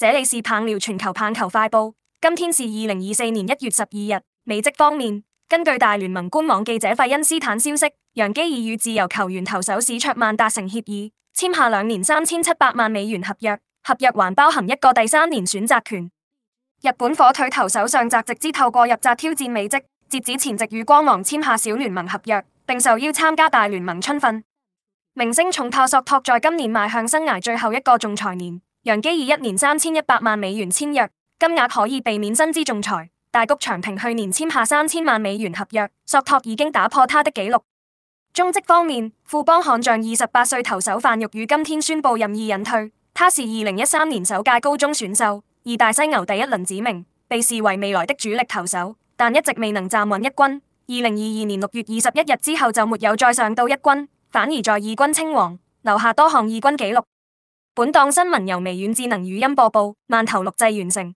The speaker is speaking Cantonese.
這裡是棒料全球棒球快報，今天是二零二四年一月十二日。美職方面，根據大聯盟官網記者費恩斯坦消息，楊基已與自由球員投手史卓曼達成協議，簽下兩年三千七百萬美元合約，合約還包含一個第三年選擇權。日本火腿投手上澤直之透過入札挑戰美職，截止前夕與光芒簽下小聯盟合約，並受邀參加大聯盟春訓。明星重塔索托在今年邁向生涯最後一個仲裁年。楊基以一年三千一百萬美元簽約，金額可以避免薪資仲裁。大谷翔平去年簽下三千萬美元合約，索托已經打破他的紀錄。中職方面，富邦悍將二十八歲投手范玉宇今天宣布任意引退。他是二零一三年首屆高中選秀，義大犀牛第一輪指名，被視為未來的主力投手，但一直未能站穩一軍。二零二二年六月二十一日之後就沒有再上到一軍，反而在二軍稱王，留下多項二軍紀錄。本檔新聞由微軟智能語音播報，慢投錄製完成。